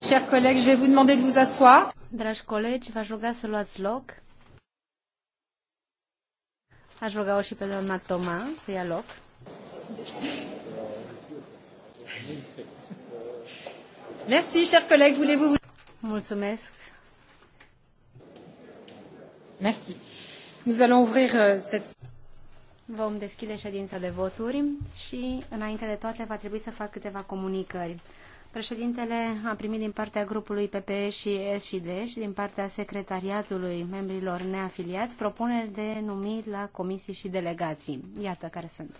Chers collègues, je vais vous demander de vous asseoir. Dragi colegi, v-aș ruga să luați loc. Aș ruga și pe doamna Toma să ia loc. Merci, chers collègues, voulez-vous vous... Mulțumesc. Merci. Nous allons ouvrir euh, cette... Vom deschide ședința de voturi și, înainte de toate, va trebui să fac câteva comunicări. Președintele a primit din partea grupului PPE și SD și din partea secretariatului membrilor neafiliați propuneri de numiri la comisii și delegații. Iată care sunt.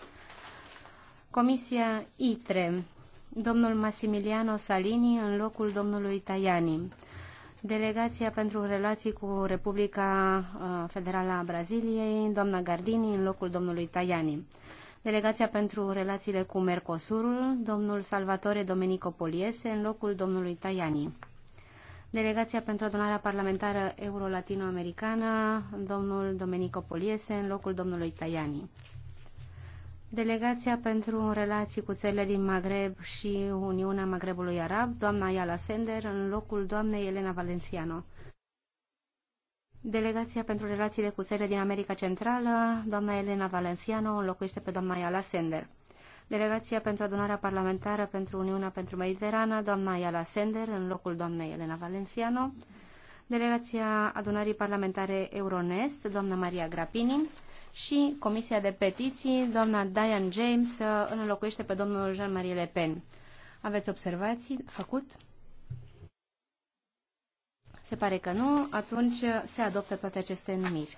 Comisia ITRE, domnul Massimiliano Salini în locul domnului Tajani. Delegația pentru relații cu Republica uh, Federală a Braziliei, doamna Gardini în locul domnului Tajani. Delegația pentru relațiile cu Mercosurul, domnul Salvatore Domenico Poliese, în locul domnului Tajani. Delegația pentru adunarea parlamentară euro-latino-americană, domnul Domenico Poliese, în locul domnului Tajani. Delegația pentru relații cu țările din Maghreb și Uniunea Maghrebului Arab, doamna Iala Sender, în locul doamnei Elena Valenciano. Delegația pentru relațiile cu țările din America Centrală, doamna Elena Valenciano, înlocuiește pe doamna Iala Sender. Delegația pentru adunarea parlamentară pentru Uniunea pentru Mediterana, doamna Iala Sender, în locul doamnei Elena Valenciano. Delegația adunării parlamentare Euronest, doamna Maria Grapini. Și Comisia de Petiții, doamna Diane James, înlocuiește pe domnul Jean-Marie Le Pen. Aveți observații? Făcut? Se pare că nu, atunci se adoptă toate aceste numiri.